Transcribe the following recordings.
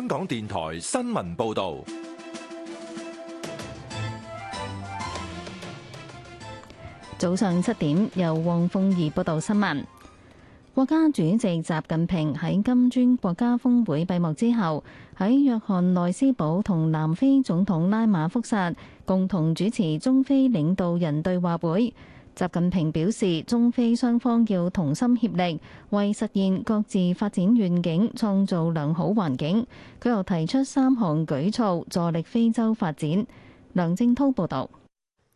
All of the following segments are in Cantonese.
香港電台新聞報道，早上七點，由汪鳳儀報道新聞。國家主席習近平喺金磚國家峰會閉幕之後，喺約翰內斯堡同南非總統拉馬福薩共同主持中非領導人對話會。習近平表示，中非雙方要同心協力，為實現各自發展願景創造良好環境。佢又提出三項舉措，助力非洲發展。梁正濤報道。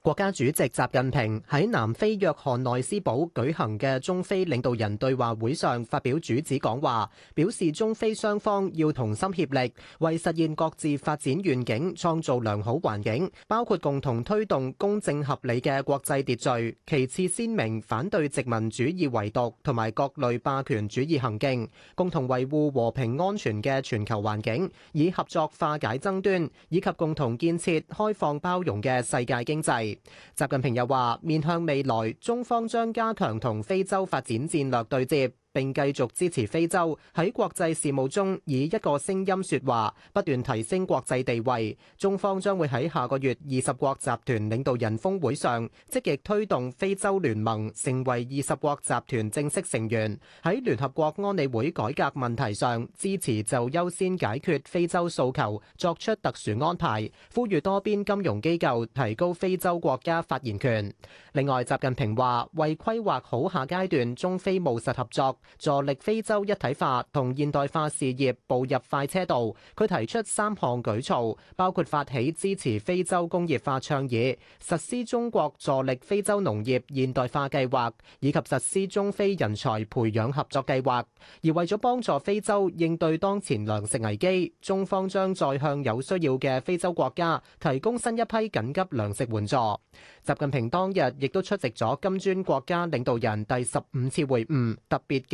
國家主席習近平喺南非約翰內斯堡舉行嘅中非領導人對話會上發表主旨講話，表示中非雙方要同心協力，為實現各自發展願景創造良好環境，包括共同推動公正合理嘅國際秩序；其次，鮮明反對殖民主義遺毒同埋各類霸權主義行徑，共同維護和平安全嘅全球環境，以合作化解爭端，以及共同建設開放包容嘅世界經濟。習近平又話，面向未來，中方將加強同非洲發展戰略對接。並繼續支持非洲喺國際事務中以一個聲音説話，不斷提升國際地位。中方將會喺下個月二十國集團領導人峰會上積極推動非洲聯盟成為二十國集團正式成員。喺聯合國安理會改革問題上，支持就優先解決非洲訴求作出特殊安排，呼籲多邊金融機構提高非洲國家發言權。另外，習近平話為規劃好下階段中非務實合作。助力非洲一體化同現代化事業步入快車道，佢提出三項舉措，包括發起支持非洲工業化倡議、實施中國助力非洲農業現代化計劃以及實施中非人才培養合作計劃。而為咗幫助非洲應對當前糧食危機，中方將再向有需要嘅非洲國家提供新一批緊急糧食援助。習近平當日亦都出席咗金磚國家領導人第十五次會晤，特別。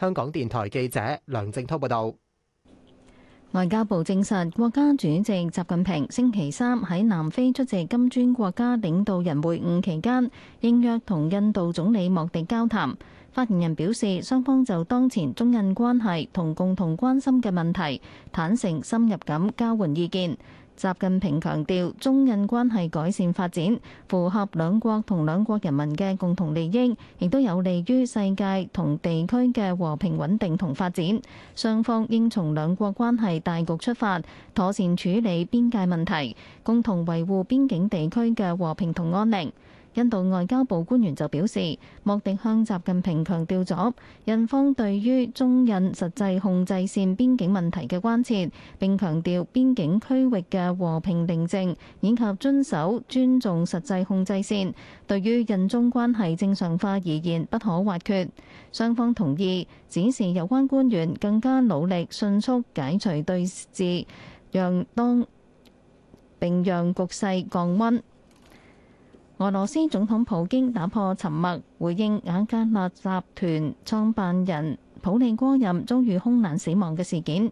香港電台記者梁正濤報道。外交部證實，國家主席習近平星期三喺南非出席金磚國家領導人會晤期間，應約同印度總理莫迪交談。發言人表示，雙方就當前中印關係同共同關心嘅問題，坦誠深入咁交換意見。習近平強調，中印關係改善發展，符合兩國同兩國人民嘅共同利益，亦都有利於世界同地區嘅和平穩定同發展。雙方應從兩國關係大局出發，妥善處理邊界問題，共同維護邊境地區嘅和平同安寧。印度外交部官員就表示，莫迪向習近平強調咗印方對於中印實際控制線邊境問題嘅關切，並強調邊境區域嘅和平定政以及遵守尊重實際控制線，對於印中關係正常化而言不可或缺。雙方同意，指示有關官員更加努力，迅速解除對峙，讓當並讓局勢降溫。俄羅斯總統普京打破沉默，回應瓦格納集團創辦人普利戈任遭遇空難死亡嘅事件。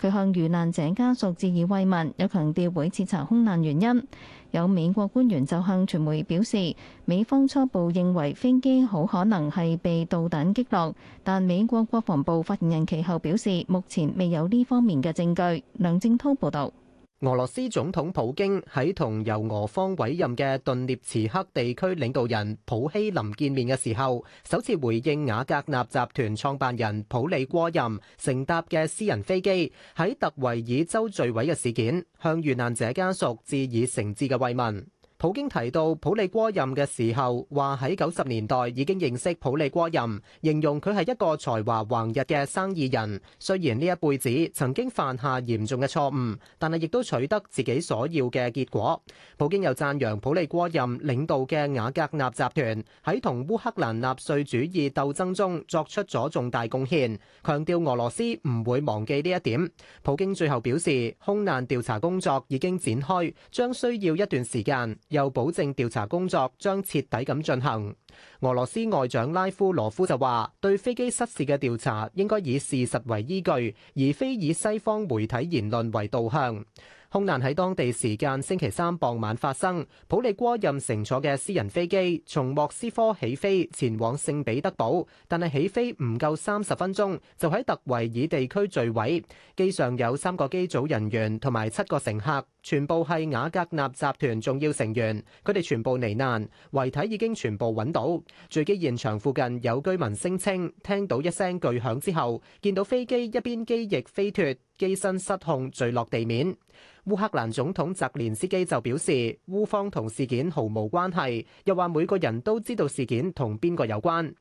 佢向遇難者家屬致以慰問，又強調會徹查空難原因。有美國官員就向傳媒表示，美方初步認為飛機好可能係被導彈擊落，但美國國防部發言人其後表示，目前未有呢方面嘅證據。梁正滔報道。俄羅斯總統普京喺同由俄方委任嘅頓涅茨克地區領導人普希林見面嘅時候，首次回應瓦格納集團創辦人普里戈任乘搭嘅私人飛機喺特維爾州墜毀嘅事件，向遇難者家屬致以誠摯嘅慰問。普京提到普利戈任嘅時候，話喺九十年代已經認識普利戈任，形容佢係一個才華橫溢嘅生意人。雖然呢一輩子曾經犯下嚴重嘅錯誤，但係亦都取得自己所要嘅結果。普京又讚揚普利戈任領導嘅瓦格納集團喺同烏克蘭納粹主義鬥爭中作出咗重大貢獻，強調俄羅斯唔會忘記呢一點。普京最後表示，空難調查工作已經展開，將需要一段時間。又保證調查工作將徹底咁進行。俄羅斯外長拉夫羅夫就話，對飛機失事嘅調查應該以事實為依據，而非以西方媒體言論為導向。空難喺當地時間星期三傍晚發生，普利哥任乘坐嘅私人飛機從莫斯科起飛前往聖彼得堡，但係起飛唔夠三十分鐘就喺特維爾地區墜毀。機上有三個機組人員同埋七個乘客，全部係瓦格納集團重要成員，佢哋全部罹難。遺體已經全部揾到。墜機現場附近有居民聲稱，聽到一聲巨響之後，見到飛機一邊機翼飛脱。機身失控墜落地面，烏克蘭總統澤連斯基就表示，烏方同事件毫無關係，又話每個人都知道事件同邊個有關。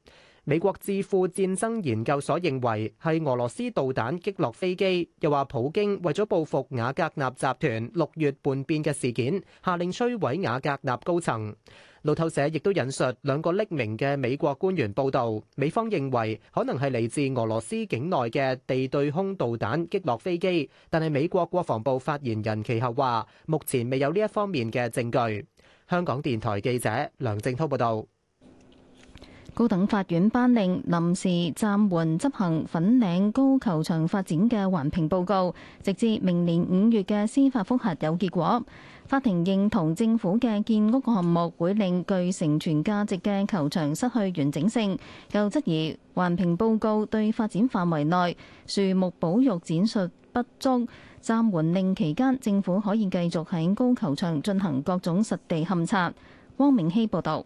美國智庫戰爭研究所認為係俄羅斯導彈擊落飛機，又話普京為咗報復瓦格納集團六月叛變嘅事件，下令摧毀瓦格納高層。路透社亦都引述兩個匿名嘅美國官員報導，美方認為可能係嚟自俄羅斯境內嘅地對空導彈擊落飛機，但係美國國防部發言人其後話，目前未有呢一方面嘅證據。香港電台記者梁正濤報道。高等法院頒令臨時暫緩執行粉嶺高球場發展嘅環評報告，直至明年五月嘅司法復核有結果。法庭認同政府嘅建屋項目會令具成全價值嘅球場失去完整性，又質疑環評報告對發展範圍內樹木保育展述不足。暫緩令期間政府可以繼續喺高球場進行各種實地勘察，汪明希報道。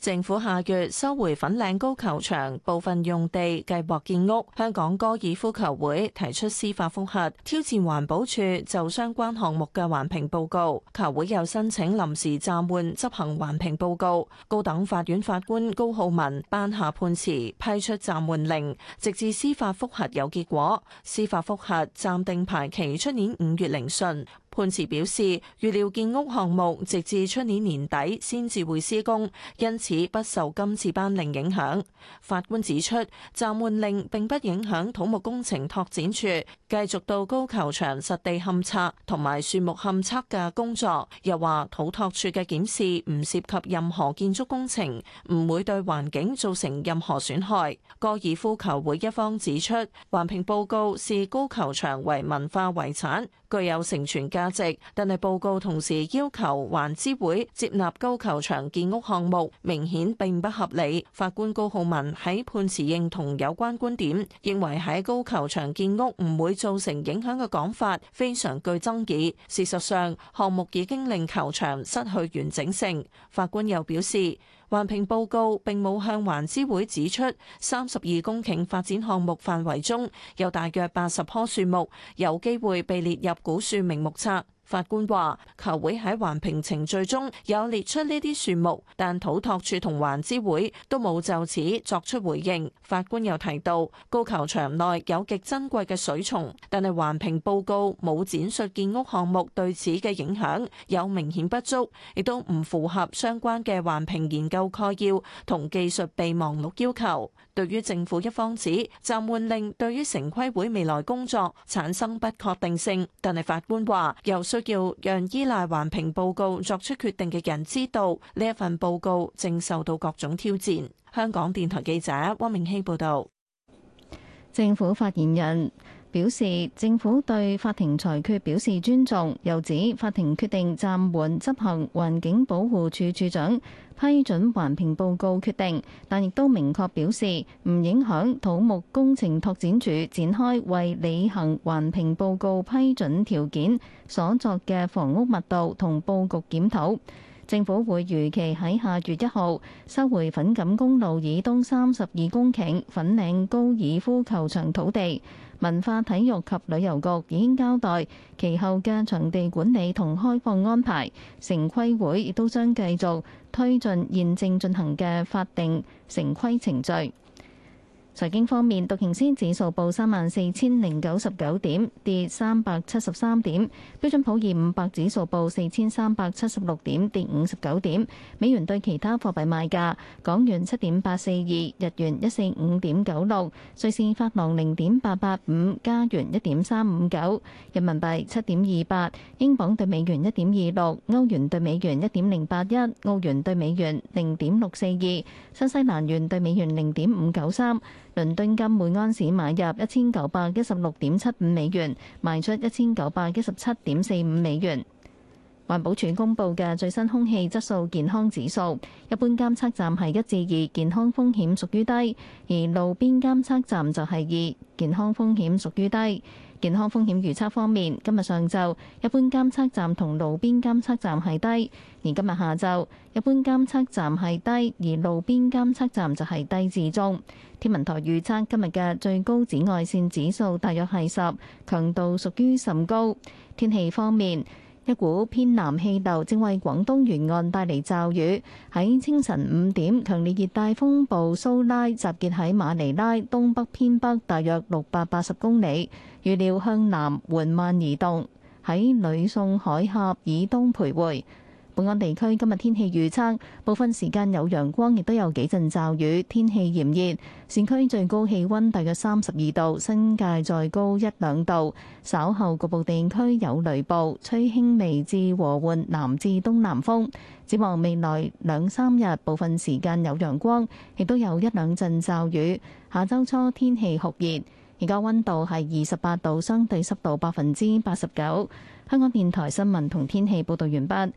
政府下月收回粉嶺高球場部分用地，計劃建屋。香港高爾夫球會提出司法覆核，挑戰環保署就相關項目嘅環評報告。球會又申請臨時暫緩執行環評報告。高等法院法官高浩文頒下判詞，批出暫緩令，直至司法覆核有結果。司法覆核暫定排期出年五月聆訊。判詞表示，預料建屋項目直至出年年底先至會施工，因此不受今次班令影響。法官指出，暫緩令並不影響土木工程拓展處繼續到高球場實地勘測同埋樹木勘測嘅工作。又話土拓處嘅檢視唔涉及任何建築工程，唔會對環境造成任何損害。哥爾夫球會一方指出，環評報告視高球場為文化遺產，具有承傳價值，但係報告同時要求環資會接納高球場建屋項目，明顯並不合理。法官高浩文喺判詞認同有關觀點，認為喺高球場建屋唔會造成影響嘅講法非常具爭議，事實上，項目已經令球場失去完整性。法官又表示，環評報告並冇向環諮會指出，三十二公頃發展項目範圍中有大約八十棵樹木有機會被列入古樹名木冊。法官話：球會喺環評程序中有列出呢啲樹木，但土托處同環諮會都冇就此作出回應。法官又提到，高球場內有極珍貴嘅水松，但係環評報告冇展述建屋項目對此嘅影響，有明顯不足，亦都唔符合相關嘅環評研究概要同技術備忘錄要求。對於政府一方指暫緩令對於城規會未來工作產生不確定性，但係法官話又需。叫讓依賴環評報告作出決定嘅人知道，呢一份報告正受到各種挑戰。香港電台記者汪明希報道。政府發言人表示政府對法庭裁決表示尊重，又指法庭決定暫緩執行環境保護處處長批准環評報告決定，但亦都明確表示唔影響土木工程拓展署展開為履行環評報告批准條件所作嘅房屋密度同佈局檢討。政府會如期喺下月一號收回粉錦公路以東三十二公頃粉嶺高爾夫球場土地，文化體育及旅遊局已經交代其後嘅場地管理同開放安排，城規會亦都將繼續推進現正進行嘅法定城規程序。財經方面，道瓊斯指數報三萬四千零九十九點，跌三百七十三點；標準普爾五百指數報四千三百七十六點，跌五十九點。美元對其他貨幣賣價：港元七點八四二，日元一四五點九六，瑞士法郎零點八八五，加元一點三五九。人民幣七點二八，英鎊對美元一點二六，歐元對美元一點零八一，澳元對美元零點六四二，新西蘭元對美元零點五九三。倫敦金每安士買入一千九百一十六點七五美元，賣出一千九百一十七點四五美元。環保署公布嘅最新空氣質素健康指數，一般監測站係一至二，健康風險屬於低；而路邊監測站就係二，健康風險屬於低。健康風險預測方面，今日上晝一般監測站同路邊監測站係低，而今日下晝一般監測站係低，而路邊監測站就係低至中。天文台預測今日嘅最高紫外線指數大約係十，強度屬於甚高。天氣方面。一股偏南氣流正為廣東沿岸帶嚟驟雨。喺清晨五點，強烈熱帶風暴蘇拉集結喺馬尼拉東北偏北大約六百八十公里，預料向南緩慢移動，喺呂宋海峽以東徘徊。本港地區今日天氣預測，部分時間有陽光，亦都有幾陣驟雨。天氣炎熱，市區最高氣溫大約三十二度，新界再高一兩度。稍後局部地區有雷暴，吹輕微至和緩南至東南風。展望未來兩三日，部分時間有陽光，亦都有一兩陣驟雨。下周初天氣酷熱，而家溫度係二十八度，相對濕度百分之八十九。香港電台新聞同天氣報道完畢。